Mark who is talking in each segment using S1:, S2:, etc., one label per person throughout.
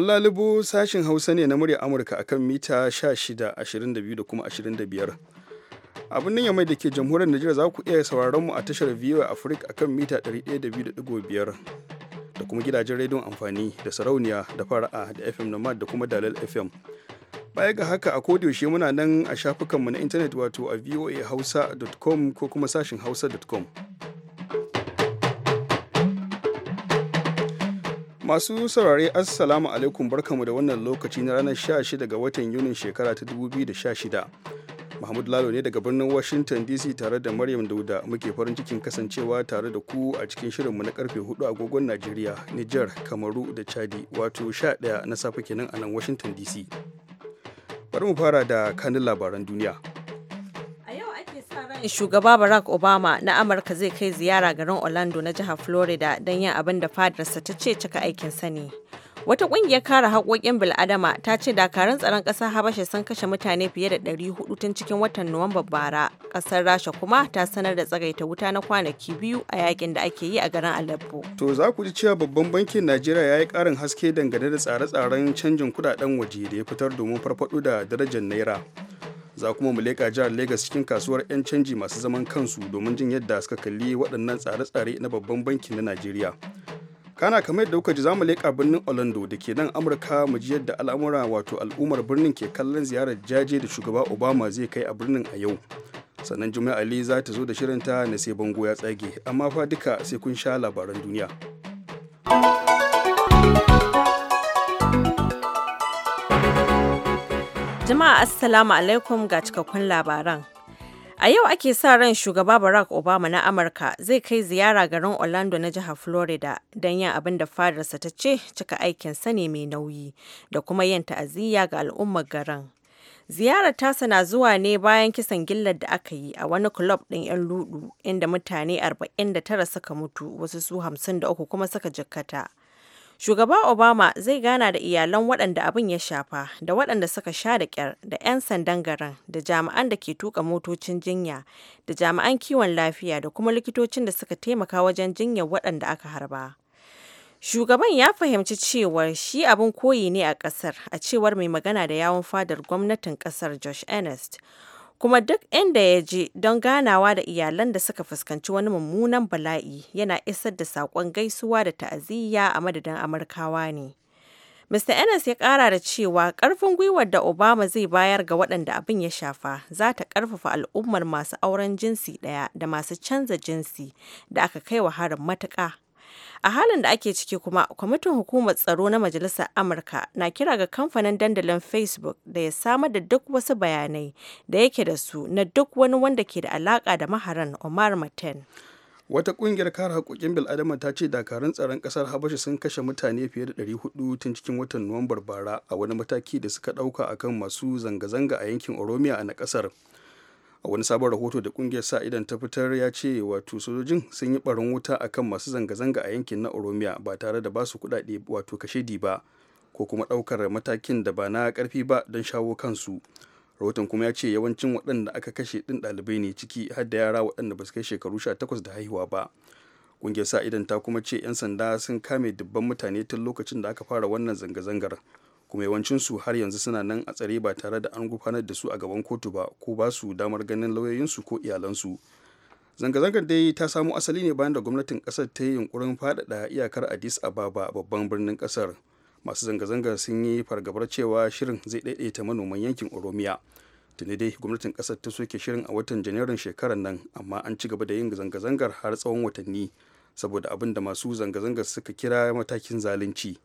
S1: An lalubo sashin Hausa ne na murya Amurka akan mita 16, 22 da kuma 25. Abin nan mai da ke jamhuriyar Najeriya za ku iya sauraron mu a tashar VOA Africa akan mita 102.5 da kuma gidajen rediyon amfani da sarauniya da fara'a da FM Nomad da kuma Dalal FM. Baya ga haka a kodiyoshe muna nan a shafukanmu na intanet wato a voahausa.com ko kuma sashin hausa.com. Masu saurare Assalamu alaikum barkamu da wannan lokaci na ranar 16 ga watan Yunin shekara ta 2016. Mahmud Lalo ne daga birnin Washington DC tare da Maryam Dauda muke farin cikin kasancewa tare da ku a cikin shirinmu na karfe 4 agogon Najeriya, Nijar, Kamaru da Chadi wato 11 na safe kenan a nan Washington DC. Bari mu fara da kanin labaran duniya.
S2: Shugaba Barack Obama na Amurka zai kai ziyara garin Orlando na jihar Florida don yin abin da fadarsa ta ce cika aikin sani. Wata ƙungiyar kare haƙoƙin bil'adama ta ce dakarun tsaron ƙasar Habasha sun kashe mutane fiye da 400 tun cikin watan Nuwamba bara. Ƙasar Rasha kuma ta sanar da tsagaita wuta na kwanaki biyu a yakin da ake yi a garin Aleppo.
S1: To za ku ji cewa babban bankin Najeriya ya yi ƙarin haske dangane da tsare-tsaren canjin kuɗaɗen waje da ya fitar domin farfaɗo da darajar Naira. za kuma mu leƙa jihar Legas cikin kasuwar 'yan canji masu zaman kansu domin jin yadda suka kalli waɗannan tsare-tsare na babban bankin na Najeriya. Kana kamar yadda kuka ji za mu leƙa birnin Orlando da ke nan Amurka mu ji yadda al'amura wato al'ummar birnin ke kallon ziyarar jaje da shugaba Obama zai kai a birnin a yau. Sannan Juma'a Ali za ta zo da shirinta na sai bango ya tsage, amma fa duka sai kun sha labaran duniya.
S2: Jama'a Assalamu alaikum ga cikakkun labaran. A yau ake sa ran shugaba Barack Obama na Amurka zai kai ziyara garin Orlando na jihar Florida don yin abin da fadarsa ta ce cika aikin sani mai nauyi da kuma yin ta'aziyya ga al'ummar garin. Ziyarar tasa na zuwa ne bayan kisan gillar da aka yi a wani kulob ɗin 'yan ludu inda mutane 49 suka mutu wasu su 53 kuma suka jikkata. Shugaba Obama zai gana da iyalan waɗanda abin ya shafa da waɗanda suka sha da ƙyar da 'yan sandan garin da jami'an da ke tuka motocin jinya da jami'an kiwon lafiya da kuma likitocin da suka taimaka wajen jinya waɗanda aka harba. Shugaban ya fahimci cewa shi abin koyi ne a ƙasar, a cewar mai magana da yawon fadar gwamnatin ƙasar Josh Ernest. kuma duk inda ya je don ganawa da iyalan da suka fuskanci wani mummunan bala'i yana isar da saƙon gaisuwa da ta'aziyya a madadin amurkawa ne mr ennis ya ƙara da cewa ƙarfin gwiwar da obama zai bayar ga waɗanda abin ya shafa za ta ƙarfafa al'ummar masu auren jinsi ɗaya da masu canza jinsi da aka kai wa harin matuƙa a halin da ake ciki kuma kwamitin hukumar tsaro na majalisar amurka na kira ga kamfanin dandalin facebook da ya samar da duk wasu bayanai da yake da su na duk wani wanda ke da alaka da maharan omar martin
S1: wata kungiyar kare haƙoƙin bil'adama ta ce dakarun tsaron ƙasar habasha sun kashe mutane fiye da 400 tun cikin watan nuwambar bara a wani mataki da suka ɗauka akan masu zanga-zanga a yankin oromiya a na ƙasar a wani sabon rahoto da kungiyar sa idan ta fitar ya ce wato sojojin sun yi barin wuta akan masu zanga-zanga a yankin na oromiya ba tare da basu kudade wato kashedi ba ko kuma daukar matakin da ba na karfi ba don shawo kansu rahoton kuma ya ce yawancin waɗanda aka kashe ɗin ɗalibai ne ciki har da yara waɗanda ba su kai shekaru 18 da haihuwa ba kungiyar sa idan ta kuma ce 'yan sanda sun kame dubban mutane tun lokacin da aka fara wannan zanga-zangar kuma yawancinsu har yanzu suna nan a tsare ba tare da an gufanar da su a gaban kotu ba ko ba su damar ganin lauyoyinsu ko iyalansu zanga-zangar dai ta samo asali ne bayan da gwamnatin kasar ta yi yunkurin faɗaɗa iyakar addis ababa babban birnin kasar masu zanga-zangar sun yi fargabar cewa shirin zai ɗaiɗaita manoman yankin oromiya tuni dai gwamnatin kasar ta soke shirin a watan janairun shekarar nan amma an ci gaba da yin zanga-zangar har tsawon watanni saboda abin da masu zanga-zangar suka kira matakin zalunci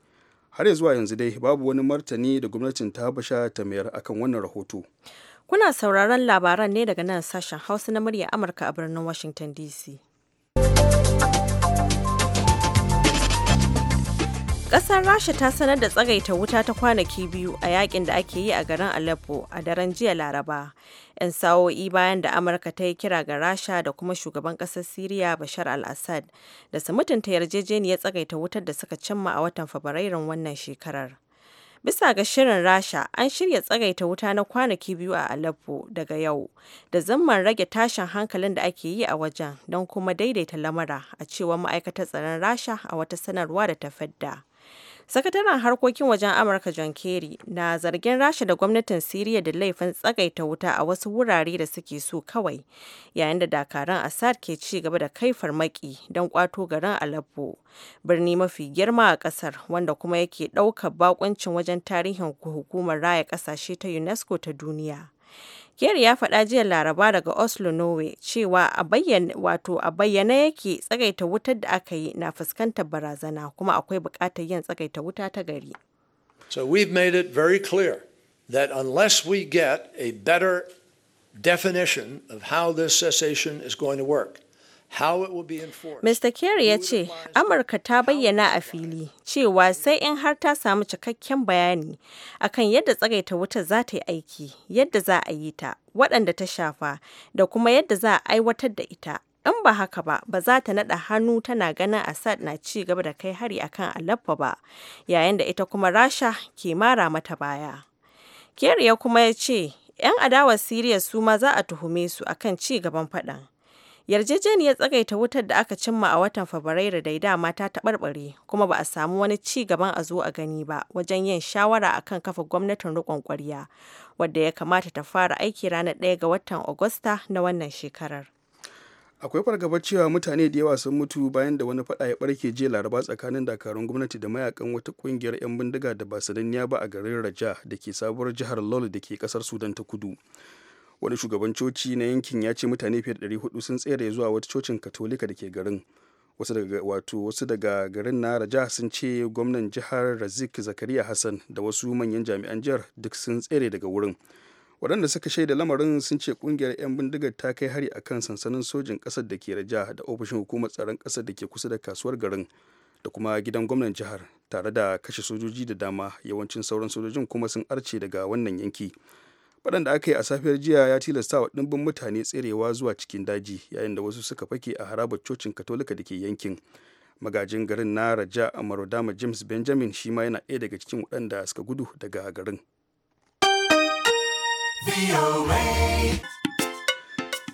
S1: har zuwa yanzu dai babu wani martani da gwamnatin ta habasha ta mayar akan wannan rahoto
S2: kuna sauraron labaran ne daga nan sashen hausa na murya amurka a birnin washington dc Ƙasar Rasha ta sanar da tsagaita wuta ta kwanaki biyu a yakin da ake yi a garin Aleppo a daren jiya Laraba, 'yan sa'o'i bayan da Amurka ta yi kira ga Rasha da kuma shugaban ƙasar Siriya Bashar al-Assad da su mutunta yarjejeniyar tsagaita wutar da suka cimma a watan Fabrairun wannan shekarar. Bisa ga shirin Rasha, an shirya tsagaita wuta na kwanaki biyu a Aleppo daga yau, da zamman rage tashin hankalin da ake yi a wajen don kuma daidaita lamura a cewa ma'aikatar tsaron Rasha a wata sanarwa da ta fadda. Sakataren harkokin wajen Amurka John Kerry na zargin Rasha da gwamnatin Siriya da laifin tsagaita wuta a wasu wurare da suke so kawai, yayin da dakaran Assad ke ci gaba da kai farmaki don kwato garin Aleppo, birni mafi girma a kasar wanda kuma yake ɗaukar bakuncin wajen tarihin hukumar raya ƙasashe ta UNESCO ta duniya. Kerry ya faɗa jiya Laraba daga Oslo, Norway, cewa a bayyane yake tsagaita wutar da aka yi na fuskantar barazana kuma akwai buƙatar yin tsagaita wuta ta gari.
S3: So we've made it very clear that unless we get a better definition of how this cessation is going to work, Mr.
S2: Kerry ya ce, Amurka ta bayyana a fili cewa sai in har ta samu cikakken bayani akan yadda tsagaita wuta za ta yi aiki, yadda za a yi ta, waɗanda ta shafa, da kuma yadda za a aiwatar da ita. In ba haka ba, ba za ta naɗa hannu tana ganin Assad na ci gaba da kai hari akan Aleppo ba, yayin da ita kuma Rasha ke mara mata baya. Kerry ya kuma ya ce, 'yan adawar Siriya su ma za a tuhume su akan ci gaban faɗan. Yarjejeniyar tsagaita wutar da aka cimma a watan Fabrairu da da mata ta taɓarɓare kuma ba a samu wani ci gaban a zo a gani ba wajen yin shawara akan kafa gwamnatin riƙon ƙwarya wadda ya kamata ta fara aiki ranar 1 ga watan Agusta na wannan shekarar.
S1: Akwai fargabar cewa mutane da yawa sun mutu bayan da wani faɗa ya ɓarke jiya laraba tsakanin dakarun gwamnati da mayakan wata ƙungiyar 'yan bindiga da ba sananniya ba a garin Raja da ke sabuwar jihar Lol da ke ƙasar Sudan ta kudu. wani shugaban coci na yankin ya ce mutane fiye da 400 sun tsere zuwa wata cocin katolika da ke garin wasu daga wato wasu daga garin na raja sun ce gwamnan jihar razik zakariya hassan da wasu manyan jami'an jihar duk sun tsere daga wurin waɗanda suka shaida lamarin sun ce kungiyar 'yan bindigar ta kai hari akan sansanin sojin ƙasar da ke raja da ofishin hukumar tsaron ƙasar da ke kusa da kasuwar garin da kuma gidan gwamnan jihar tare da kashe sojoji da dama yawancin sauran sojojin kuma sun arce daga wannan yanki faɗan da aka yi a safiyar jiya ya tilasta wa ɗimbin mutane tserewa zuwa cikin daji yayin da wasu suka fake a harabar cocin katolika da ke yankin magajin garin na raja amarodama james benjamin shi ma yana ɗaya daga cikin waɗanda suka gudu daga garin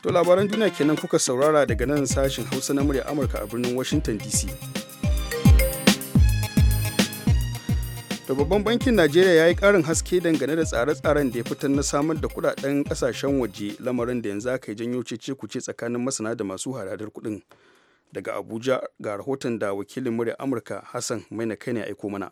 S1: to labaran duniya kenan kuka saurara daga nan sashen hausa na murya amurka a birnin washington dc to babban bankin najeriya ya yi karin haske dangane da tsare-tsaren da ya fitar na samar da kudaden kasashen waje lamarin da yanzu aka yi janyo cece kuce tsakanin masana da masu haradar kudin daga abuja ga rahoton da wakilin murya amurka hassan maina kai ne aiko mana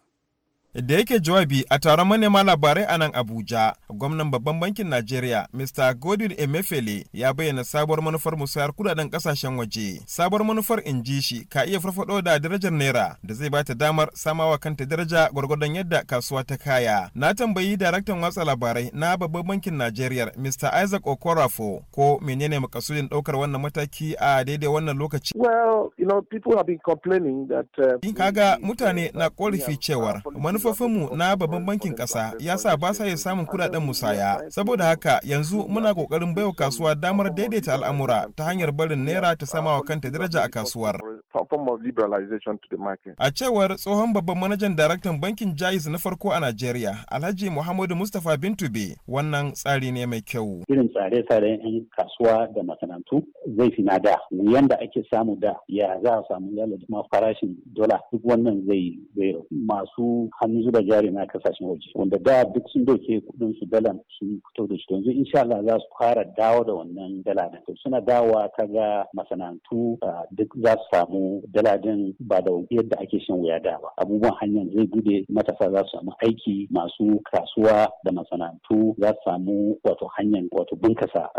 S4: Da yake jawabi a taron manema labarai a nan Abuja, gwamnan babban bankin Najeriya, Mr. Godwin emefele ya bayyana sabuwar manufar musayar kudaden kasashen waje. Sabuwar manufar in ji shi ka iya farfado da darajar naira da zai bata damar samawa kanta daraja gwargwadon yadda kasuwa ta kaya. Na tambayi daraktan watsa labarai na babban bankin Najeriya, Mr. Isaac Okorafo, ko menene makasudin daukar wannan mataki a daidai wannan lokaci? Well, you know, people have been complaining that uh, kaga mutane na korafi cewar manufofinmu na babban bankin kasa ya sa ba sa iya samun kudaden musaya. Saboda haka yanzu muna ƙoƙarin baiwa kasuwa damar daidaita al'amura ta hanyar barin naira ta sama wa kanta daraja a kasuwar. form of liberalization to the market. A cewar tsohon babban manajan daraktan bankin Jaiz na farko a Najeriya, Alhaji Muhammadu Mustapha Bintube, wannan tsari ne mai kyau.
S5: Irin tsare-tsaren 'yan kasuwa da masana'antu zai fi na da. Yanda ake samu da ya za a samu yalla da kuma farashin dola duk wannan zai zai masu hannu zuba jari na kasashen waje. Wanda da duk sun doke kudin su dalan sun fito da shi. Yanzu insha Allah za su fara dawo da wannan dala da suna dawowa kaga masana'antu ah, duk za su samu samu daladin ba da yadda ake shan wuya da ba abubuwan hanyar zai bude matasa za su samu aiki masu kasuwa da masana'antu za su samu wato hanyar wato bunkasa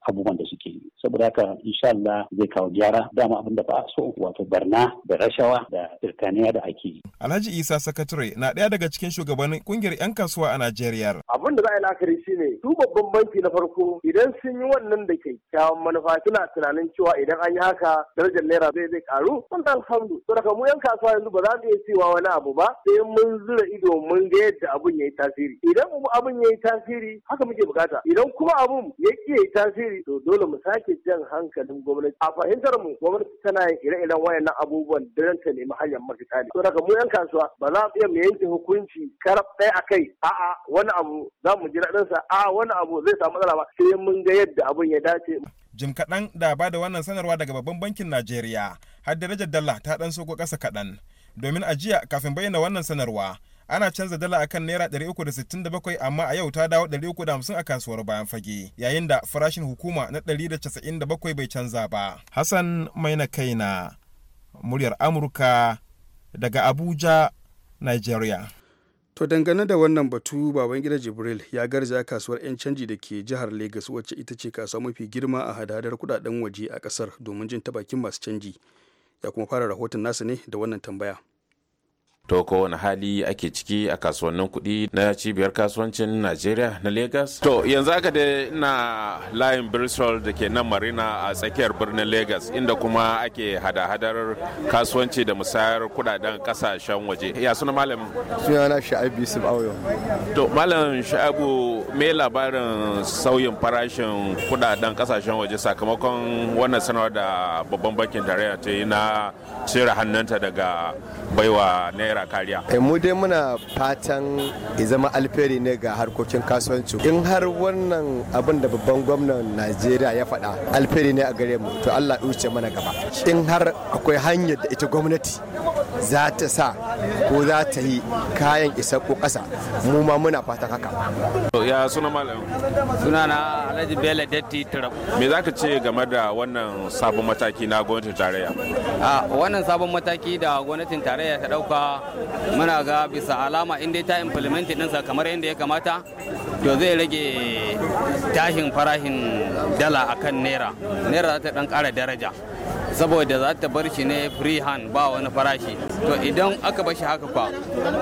S5: abubuwan da suke yi saboda haka insha Allah zai kawo gyara dama abin da ba a so wato barna da rashawa da irkaniya da ake yi
S4: Alhaji Isa Sakatare na ɗaya daga cikin shugabannin kungiyar 'yan kasuwa a Najeriya abin da za a yi la'akari
S3: shine su babban banki na farko idan sun yi wannan da ke kyakkyawan manufa suna tunanin cewa idan an yi haka darajar naira zai zai karu faru sun alhamdu to daga mu yan kasuwa yanzu ba za mu iya cewa wani abu ba sai mun zura ido mun ga yadda abun yayi tasiri idan abun yayi tasiri haka muke bukata idan kuma abun ya ki yi tasiri to dole mu sake jan hankalin gwamnati a fahimtar mu gwamnati tana yin ire-iren wayannan abubuwan don ta nemi hanyar mafita ne to daga mu yan kasuwa ba za mu iya mu yanke hukunci karab ɗaya a kai a'a wani abu za mu ji daɗinsa a wani abu zai samu matsala ba
S4: sai mun ga yadda abun ya dace jim kaɗan da ba da wannan sanarwa daga babban bankin najeriya har darajar dala ta ɗan soko ƙasa kaɗan domin ajiya kafin bayyana wannan sanarwa ana canza dala akan naira 367 amma a yau ta dawo 350 a kasuwar bayan fage yayin da farashin hukuma na ɗari da 197 bai canza ba hassan maina kaina muryar amurka daga abuja nigeria
S1: To dangane da wannan batu gida Jibril ya garzaya kasuwar 'yan canji da ke jihar Legas wacce ita ce kasuwa mafi girma a hadadar kudaden waje a kasar domin jin ta masu canji. Ya kuma fara rahoton nasa ne da wannan tambaya.
S6: to ko wani hali ake ciki a kasuwannin kuɗi na cibiyar kasuwancin najeriya na lagos to yanzu haka da na layin bristol da ke nan marina a tsakiyar birnin lagos inda kuma ake hada-hadar kasuwanci da musayar kudaden kasashen waje ya suna malam
S4: sunana sha'abu yusuf auyo
S6: to malam sha'abu me labarin sauyin farashin kudaden kasashen waje sakamakon wannan sanarwa da babban bankin tarayya ta yi na cire hannunta daga baiwa naira naira
S4: kariya. Eh, mu dai muna fatan ya zama alferi ne ga harkokin kasuwanci in har wannan abin da babban gwamnan najeriya ya faɗa alferi ne a gare mu to allah ya wuce mana gaba in har akwai hanyar da ita gwamnati za ta sa ko za ta yi kayan isa ko ƙasa mu ma muna fatan haka.
S6: ya suna malam suna na alhaji bela datti tarab me za ka ce game da wannan sabon mataki na gwamnatin tarayya a wannan sabon mataki da gwamnatin tarayya ta dauka
S1: muna ga bisa alama in dai ta implement ɗinsa kamar yadda ya kamata to zai rage tashin farashin dala akan naira naira za ta dan ƙara daraja saboda za ta bar shi ne free hand ba wani farashi to idan aka bar shi haka fa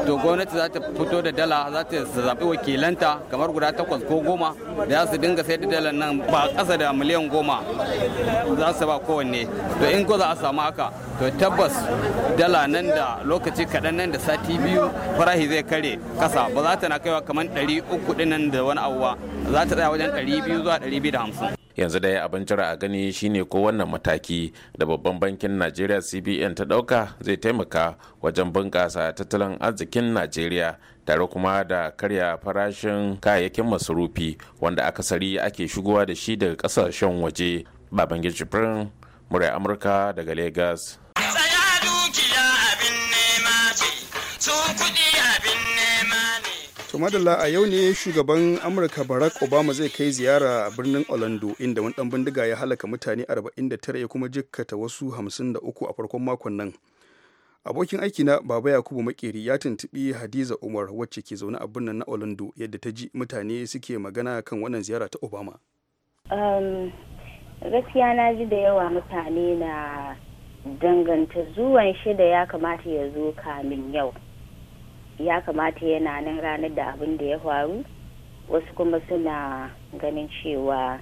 S1: to gwamnati za ta fito da dala za ta zaɓi wakilanta kamar guda takwas ko goma da za su dinga sai da dala nan ba ƙasa da miliyan goma za su ba kowanne to in ko za a samu haka to tabbas dala nan da lokaci kaɗan nan da sati biyu farashi zai kare ƙasa ba za ta na kaiwa kamar ɗari uku ɗinan da wani abuwa za ta tsaya wajen ɗari biyu zuwa ɗari biyu da hamsin
S6: yanzu dai abin jira a gani shine ko wannan mataki da babban bankin najeriya cbn ta dauka zai taimaka wajen bunƙasa tattalin arzikin najeriya tare kuma da karya farashin kayayyakin masurufi wanda akasari ake shigowa da shi daga kasashen waje babangin jibrin
S1: murai amurka daga lagos To madalla a yau ne shugaban Amurka Barack Obama zai kai ziyara a birnin Orlando inda wani dan bindiga ya halaka mutane 49 ya kuma jikkata wasu 53 a farkon makon nan. Abokin aikina Baba Yakubu Makeri ya tuntubi Hadiza Umar wacce ke zaune a birnin na Orlando yadda ta ji mutane suke magana kan wannan ziyara ta Obama.
S7: Um, gaskiya na ji da yawa mutane na danganta zuwan shi da ya kamata ya zo kamin yau. ya kamata yana nan ranar da abin da ya faru wasu kuma suna ganin cewa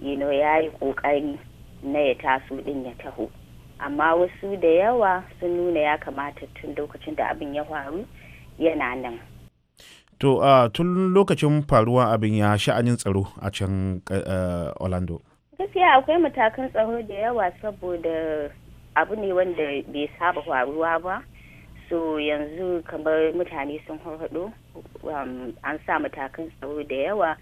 S7: yino ya yi kokari na ya taso din ya taho amma wasu da yawa sun nuna ya kamata tun lokacin da abin ya faru yana nan
S8: to uh, tun lokacin faruwa abin ya sha'anin tsaro a can uh, orlando
S7: gaskiya akwai matakan tsaro da yawa saboda abu ne wanda bai saba faruwa ba so yanzu kamar mutane sun harhaɗo um, an sa matakan tsaro da yawa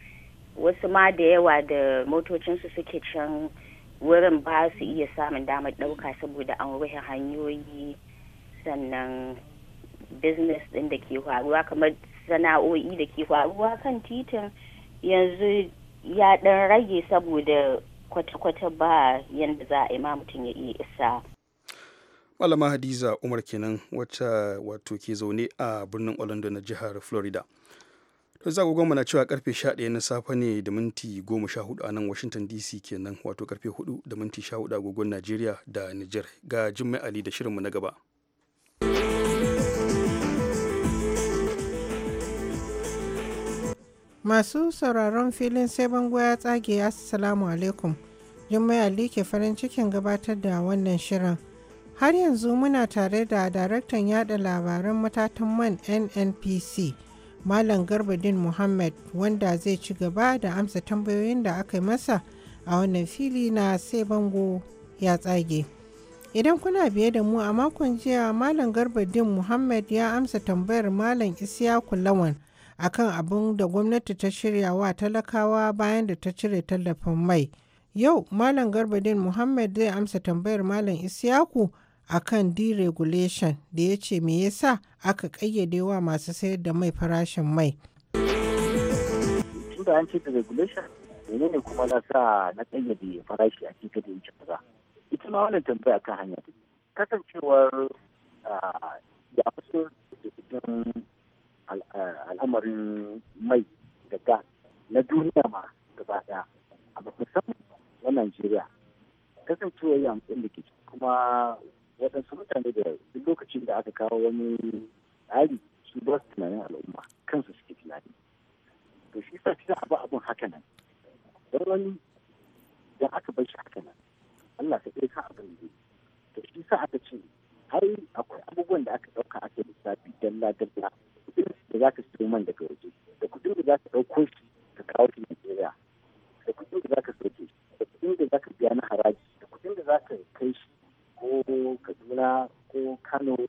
S7: wasu ma da yawa da motocinsu suke can wurin ba su iya samun damar ɗauka saboda an rufe hanyoyi sannan business ɗin da ke faruwa kamar sana'o'i da ke faruwa kan titin yanzu ya ɗan rage saboda kwata-kwata ba yadda za a yi mutum ya iya isa
S1: malama hadiza umar kenan wacce wato ke zaune a birnin orlando na jihar florida to za goma na cewa karfe 11 na safe ne da minti 14 a nan washington dc kenan wato karfe 4 da minti 14 agogon najeriya da niger ga jimmai ali da shirinmu na gaba
S9: masu sauraron filin sai bango ya tsage assalamu alaikum jummai ali ke farin cikin gabatar da wannan shirin har yanzu muna tare da daraktan yada labaran matatan man nnpc malam garbadin muhammad wanda zai ci gaba da amsa tambayoyin da aka masa a wannan fili na sai bango ya tsage idan kuna biye da mu a makon jiya malam garbadin muhammad ya amsa tambayar malam Ishaku lawan akan abin da gwamnati ta shirya wa talakawa bayan da ta cire tallafin mai yau malam garbadin muhammad zai amsa tambayar malam isiyaku a kan deregulation da ya ce me yasa aka kayyade wa masu sayar da mai farashin mai.
S5: Tunda an ce deregulation mene ne kuma na sa na kayyade farashi a cikin da yake kaza. Ita ma wannan tambaya kan hanya kasancewar ya fito da cikin al'amarin mai da gas na duniya ma gaba ɗaya a musamman na Najeriya kasancewar yankin da kuma waɗansu mutane da duk lokacin da aka kawo wani tsari su ba su tunanin al'umma kansu suke tunani to shi sa kisa abu abun haka nan don wani da aka bar shi haka nan Allah ka ɗaya ka abin da to shi sa aka ce ai akwai abubuwan da aka ɗauka ake lissafi dalla dalla kudin da za ka siyo man daga waje da kuɗin da za ka ɗauko shi ka kawo shi Najeriya no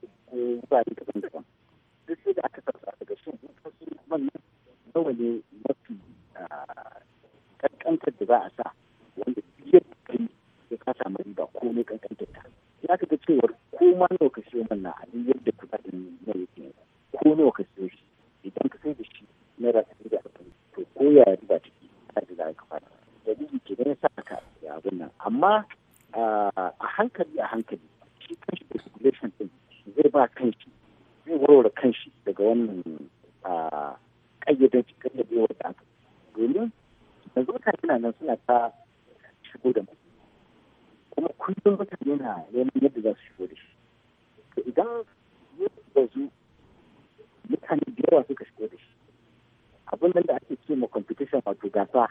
S5: wato gasa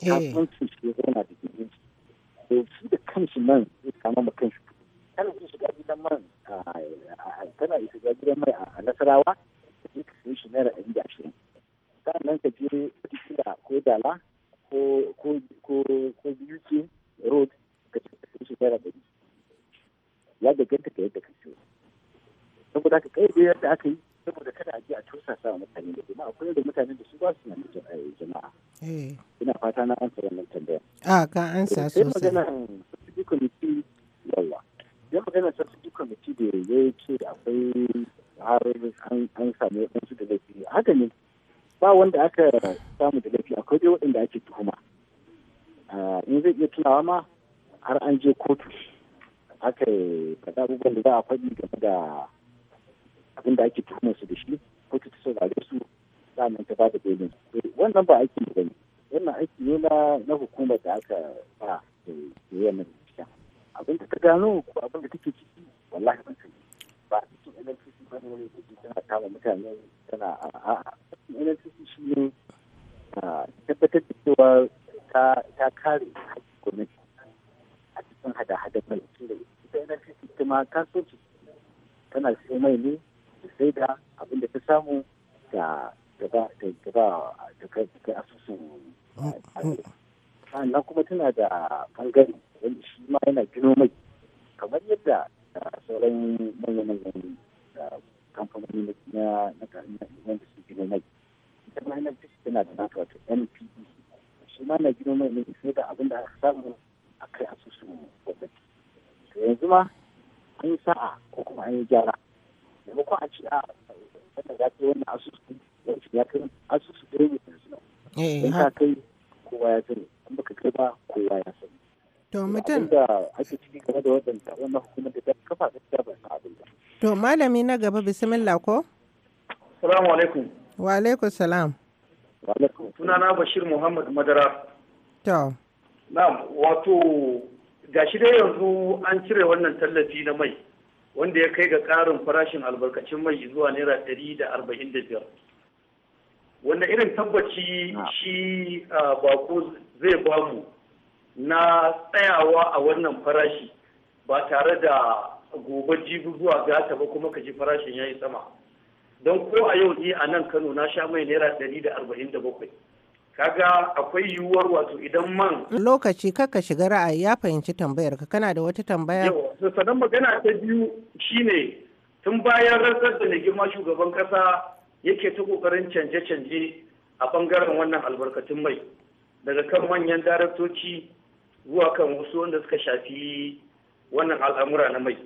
S5: eh. kasuwancin shi yana da gidin shi eh, shi da kanshi nan zai kama ma kanshi tana shiga gidan shiga gidan mai a nasarawa
S9: ka ansa eh, sosai.
S5: Yan magana ta kwamiti da ya ce akwai har an sami waɗansu da laifi. Haka ne ba wanda aka samu da laifi akwai dai waɗanda ake tuhuma. Ah, in zai iya tunawa ma har an je kotu aka kada abubuwan da za a faɗi game da abin da ake tuhumar su da shi kotu ta saurare su sa nan ta ba da belin. Eh, wannan ba aikin da ne. yana aiki ne na hukumar da aka ba da yanar cikin abin da ta gano ko abin da take ciki wallahi ban sani ba a cikin NLCC ba ne wani take tana kama mutane tana a cikin NLCC shi ne tabbatar da cewa ta kare haƙƙin gwamnati a cikin hada hada mai da ita NLCC ta ma kasuwanci tana sai mai ne da sai da abin da ta samu da da ba da ba asusun sannan kuma tana da bangare wanda shi ma yana gino mai kamar yadda ah, sauran manyan manyan ah, kamfanoni na wanda su gino mai ita ma yana tana da naka wato npd e. shi ma na gino mai ne sai da abin da aka samu a kai asusun gwamnati to yanzu ma an yi sa'a ko kuma an yi gyara maimakon a ce a ah, za ya yi wannan asusun ya kai asusu da ya Eh, in kai kowa ya sani in baka kai ba kowa ya sani
S9: to mutum da
S5: ake ciki game da wadanda wannan hukumar da ta kafa gaskiya ba san abin da
S9: to malami na gaba bismillah ko
S3: assalamu alaikum
S9: wa alaikum salam
S3: wa alaikum sunana bashir muhammad madara to na'am wato gashi dai yanzu an cire wannan tallafi na mai wanda ya kai ga ƙarin farashin albarkacin mai zuwa naira ɗari da arba'in da biyar wanda irin tabbaci ah. shi ah, bako zai ba mu na tsayawa a wannan farashi ba tare da gobe jibi zuwa gata ba kuma kaji farashin ya yi sama don ko a yau ne a nan kano na sha mai naira ɗari da arba'in da bakwai kaga akwai yiwuwar wato idan man
S9: lokaci kaka shiga ra'ayi ya fahimci tambayar ka kana da wata
S3: tambaya yau magana ta biyu shine tun bayan rantsar da na girma shugaban kasa yake ta kokarin canje-canje a bangaren wannan albarkatun mai daga kan manyan daraktoci zuwa kan wasu wanda suka shafi wannan al'amura na mai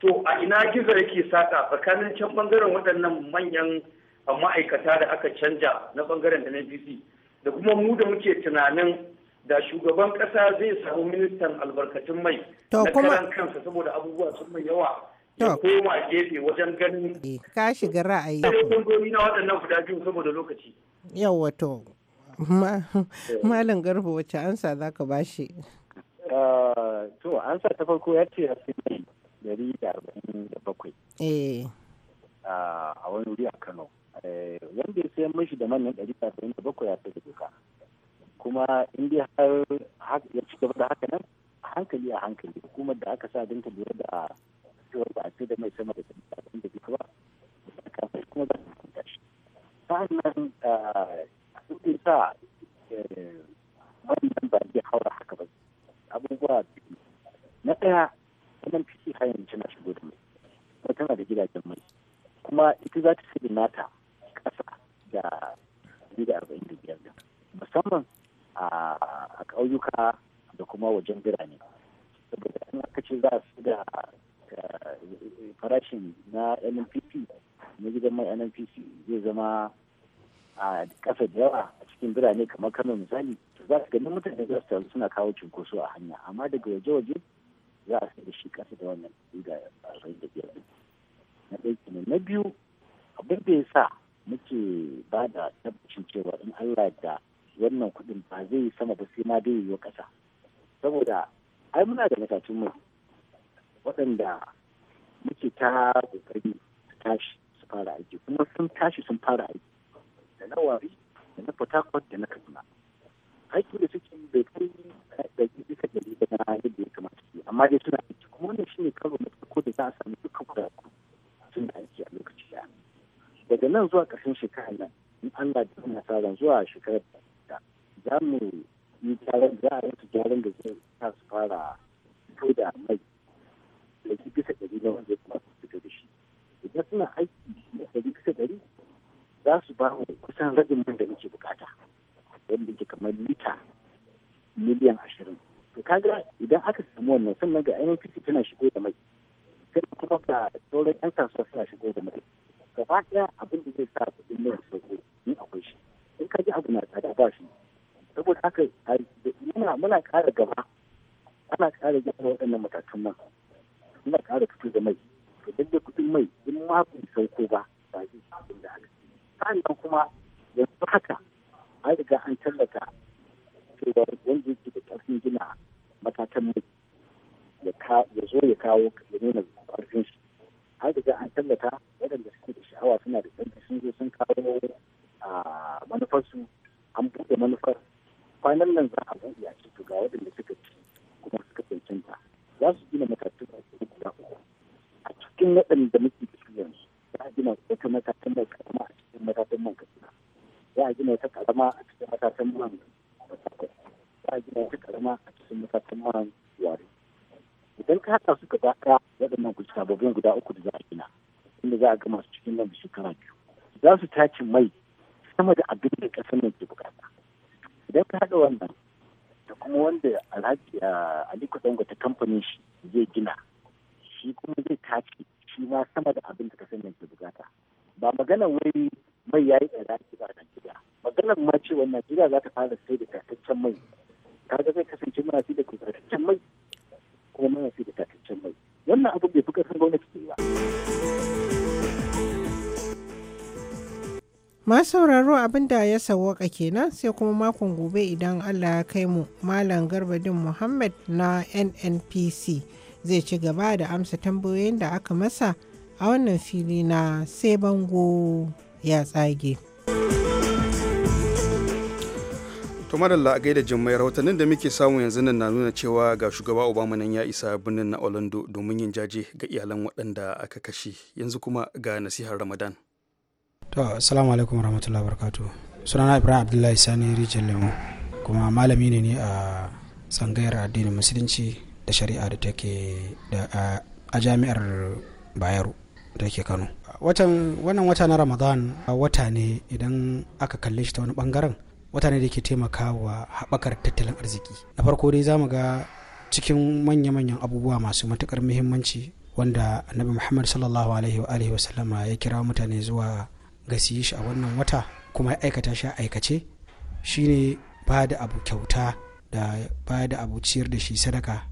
S3: to a ina gizo yake saka tsakanin can bangaren waɗannan manyan ma'aikata da aka canja na bangaren nnpc da kuma mu da muke tunanin da shugaban ƙasa zai samu ministan albarkatun mai na karan kansa saboda abubuwa sun mai yawa koma gefe wajen ganin eh,
S9: ka shiga ra'ayi da
S3: kungiyoyi na waɗannan guda biyu saboda lokaci
S9: yawa to malam garba wacce ansa za ka bashi
S5: ah, to ansa ta farko ya ce hasi dari da arba'in da bakwai eh. ah, a wani wuri a kano eh, wanda ya sayan mashi da manyan dari da arba'in da bakwai ya fi da doka kuma in dai har ya ci gaba da haka nan hankali a hankali kuma da aka sa dinta lura da cewa ba a ce da mai sama da abin da duka ba kafin kuma za su hukunta shi sa'annan abin ah, sa eh, wannan ba zai haura haka ba abubuwa biyu na ɗaya wannan fiye har yanzu tana shigo da mai kuma tana da gidajen mai kuma ita za ta sai nata ƙasa da da arba'in da biyar musamman ah, a ƙauyuka da kuma wajen birane saboda in aka ce za su da Uh, farashin na nnpc na gidan mai nnpc zai zama a uh, ƙasa da yawa a cikin birane kamar kano misali za su ganin mutane za su taru suna kawo cunkoso a hanya amma daga waje-waje za a sai da shi kasa da wannan da arba'in da biyar na ɗaya na biyu abin da ya sa muke ba da tabbacin cewa in allah da wannan kuɗin ba zai sama ba sai ma dai yiwu kasa saboda ai muna da matatun mu. waɗanda muke ta ƙoƙari su tashi su fara aiki kuma sun tashi sun fara aiki da na wari da na port da na kaduna aiki da suke bai kai ɗari bisa ɗari ba na yadda ya kamata su amma dai suna aiki kuma wannan shi ne karo mai ko da za a sami dukkan kuɗaɗe Sun aiki a lokaci ya daga nan zuwa ƙarshen shekara nan in Allah da suna sa zuwa shekarar da za mu yi gyaran za a yi gyaran da zai sa su fara fito da mai ɗari bisa ɗari na wanda ya kamata su fito da shi idan suna aiki da ɗari bisa ɗari za su ba mu kusan rabin man da muke bukata wanda ke kamar lita miliyan ashirin to kaga idan aka samu wannan sannan ga ainihin tana shigo da mai sai kuma ga sauran yan kasuwa suna shigo da mai gaba ɗaya abin da zai sa kuɗin mai sauko ni akwai shi in ka ji abu na tsada ba shi saboda haka muna muna ƙara gaba ana ƙara gyara waɗannan matakan nan suna ƙara fito da mai to duk da kuɗin mai in ma bai sauko ba ba zai abin da aka sannan kuma yanzu haka an riga an tallata cewa wanda yake da ƙarfin gina matakan mai ya zo ya kawo ya nuna ƙarfin shi an riga an tallata waɗanda suke da sha'awa suna da ƙarfi sun zo sun kawo manufarsu an buɗe manufar kwanan nan za a buɗe a to ga waɗanda suka ci kuma suka cancanta za su gina matakin baki guda uku a cikin waɗanda muke da su yanzu za a gina wata matakan da karama a cikin matakan man katsina za a gina wata karama a cikin matakin man za a gina wata karama a cikin matakin man yare idan ka haɗa su gaba ɗaya waɗannan sababbin guda uku da za a gina inda za a gama su cikin nan da shekara biyu za su tace mai sama da abin da ƙasar nan ke bukata idan ka haɗa wannan kuma wanda alhaji ah, aliko dangote kamfanin shi zai gina shi kuma zai tace shi ma sama da abin da ka sanya ke bukata ba magana wai mai yayi tsada ake ba gida maganar ma cewa Najeriya za ta fara sai da tataccen mai kaga zai kasance mana fi da tataccen mai kuma mana sai da tataccen mai wannan abu bai fi karfin gwamnati ke ba
S9: Ma sauraro abin da ya sawwaka kenan sai kuma makon gobe idan Allah ya kai mu Malam Garbadin Muhammad na NNPC zai ci gaba da amsa tambayoyin da aka masa a wannan fili na sai bango ya tsage.
S1: to madalla a gaida jimmai rahotannin da muke samu yanzu nan na nuna cewa ga shugaba obama nan ya isa birnin na orlando domin yin jaje ga iyalan waɗanda aka kashe yanzu kuma ga nasihar ramadan
S10: to assalamu alaikum warahmatullahi wabarakatuh sunana ibrahim abdullahi sani rijin lemo kuma malami ne ne a tsangayar addinin musulunci da shari'a da take da a jami'ar bayero da ke kano wannan wata na ramadan wata ne idan aka kalle shi ta wani bangaren wata ne da ke taimakawa haɓakar tattalin arziki na farko dai za mu ga cikin manya-manyan abubuwa masu matukar muhimmanci wanda annabi muhammad sallallahu alaihi wa alihi ya kira mutane zuwa ga su shi a wannan wata kuma ya aikata shi a aikace shine ba da abu kyauta da ba da abu ciyar da shi sadaka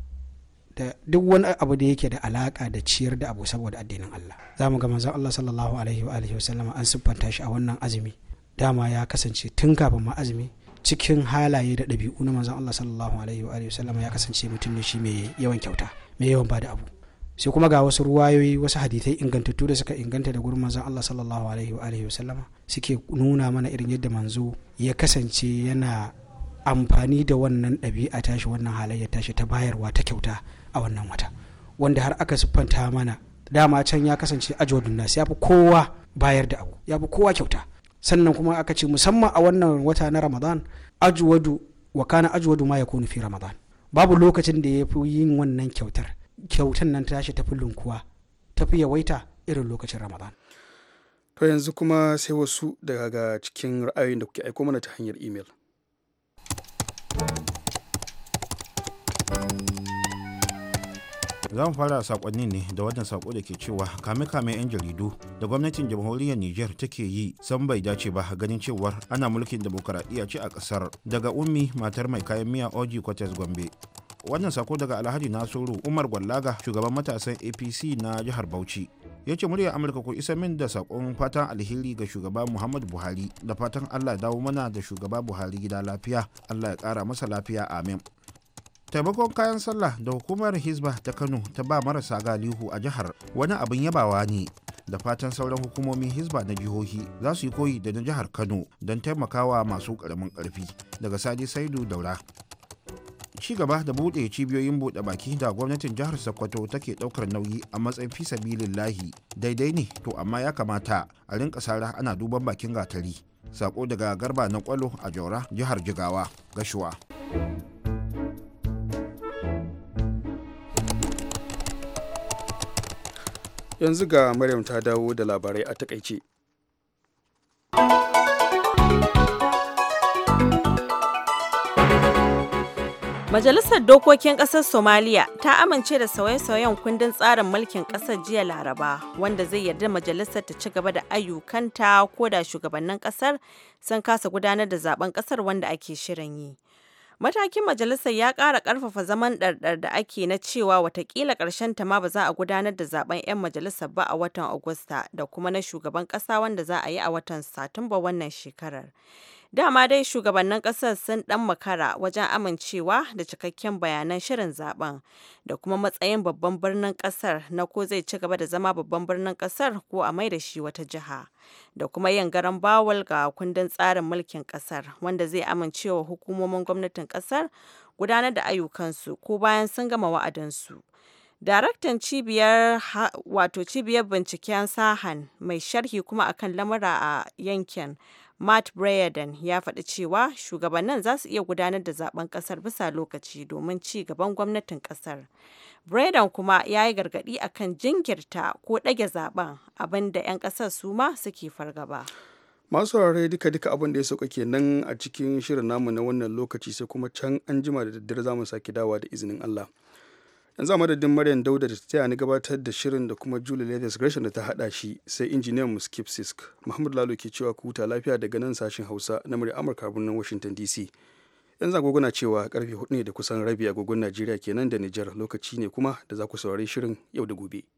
S10: da duk wani abu da yake da alaka da ciyar da abu saboda addinin Allah za mu ga manzon Allah sallallahu alaihi wa alihi wasallama an siffanta shi a wannan azumi dama ya kasance tun kafin ma azumi cikin halaye da ɗabi'u na manzon Allah sallallahu alaihi wa alihi wasallama ya kasance mutum ne shi mai yawan kyauta mai yawan ba da abu sai kuma ga wasu ruwayoyi wasu hadithai ingantattu da suka inganta da gurin manzon Allah sallallahu alaihi wa alihi wasallama suke nuna mana irin yadda manzo ya kasance yana amfani da wannan dabi'a tashi wannan halayya tashi ta bayarwa ta kyauta a wannan wata wanda har aka siffanta mana dama can ya kasance ajwadun nasu ya fi kowa bayar da abu ya fi kowa kyauta sannan kuma aka ce musamman a wannan wata na ramadan ajwadu wa kana ajwadu ma kunu fi ramadan babu lokacin da ya fi yin wannan kyautar kyautan nan tashi tafi lunkuwa tafi yawaita irin lokacin ramadan
S1: to yanzu kuma sai wasu daga cikin ra'ayoyin da kuke aiko mana ta hanyar imel
S8: zan fara sakonni ne da wannan sako da ke cewa kame-kame 'yan jaridu da gwamnatin jamhuriyar niger take yi san bai dace ba ganin cewar ana mulkin demokaradiyya ce a ƙasar daga ummi matar mai kayan miya oji kwatas gombe wannan sako daga alhaji nasiru umar gwallaga shugaban matasan apc na jihar bauchi ya ce murya amurka ku isa min da sakon fatan alheri ga shugaba muhammadu buhari da fatan allah ya dawo mana da shugaba buhari gida lafiya allah ya kara masa lafiya amin taimakon kayan sallah da hukumar hisba ta kano ta ba marasa galihu a jihar wani abin yabawa ne da fatan sauran hukumomin hisba na jihohi za su yi koyi da na jihar kano don taimakawa masu karamin karfi daga sadi saidu daura ci gaba da buɗe cibiyoyin buɗe baki da gwamnatin jihar sokoto take ɗaukar nauyi a matsayin fi lahi daidai ne to amma ya kamata a rinka sara ana duban bakin gatari sako daga garba na kwalo a jaura jihar jigawa
S1: gashuwa yanzu ga maryam ta dawo da labarai a takaice
S2: Majalisar Dokokin Ƙasar Somaliya ta amince da sauye-sauyen kundin tsarin mulkin ƙasar jiya Laraba, wanda zai yarda majalisar ta ci gaba da ayyukanta ko da shugabannin ƙasar sun kasa gudanar da zaben ƙasar wanda ake shirin yi. Matakin majalisar ya ƙara ƙarfafa zaman ɗarɗar da ake na cewa watakila ƙarshen ta ma ba za a gudanar da zaben 'yan majalisar ba a watan Agusta da kuma na shugaban ƙasa wanda za a yi a watan Satumba wannan shekarar. Dama dai shugabannin ƙasar sun ɗan makara wajen amincewa da cikakken bayanan shirin zaben da kuma matsayin babban birnin ƙasar na ko zai ci gaba da zama babban birnin ƙasar ko a mai da shi wata jiha da kuma yin garan bawal ga kundin tsarin mulkin ƙasar wanda zai amincewa hukumomin gwamnatin ƙasar gudanar da ayyukansu ko bayan sun gama wa'adansu. Daraktan cibiyar wato cibiyar binciken Sahan mai sharhi kuma akan lamura a yankin Matt Breeden ya faɗi cewa shugabannin za su iya gudanar da zaben kasar bisa lokaci domin ci gaban gwamnatin kasar. Breeden kuma ya yi gargaɗi akan jinkirta ko ɗage zaben abinda 'yan ƙasar su ma suke fargaba.
S1: masu saurare duka duka abin da ya sauka kenan a cikin shirin namu na wannan lokaci sai kuma can an jima da daddare za mu sake dawa da izinin Allah. yanzu a madadin maryam dauda da ta ni gabatar da shirin da kuma julie leathers gresham da ta hada shi sai injiniyan mu skip sisk muhammadu lalo ke cewa ku huta lafiya daga nan sashen hausa na murya amurka birnin washington dc yanzu agogo cewa karfe hudu ne da kusan rabi agogon najeriya kenan da nijar lokaci ne kuma da za ku saurari shirin yau da gobe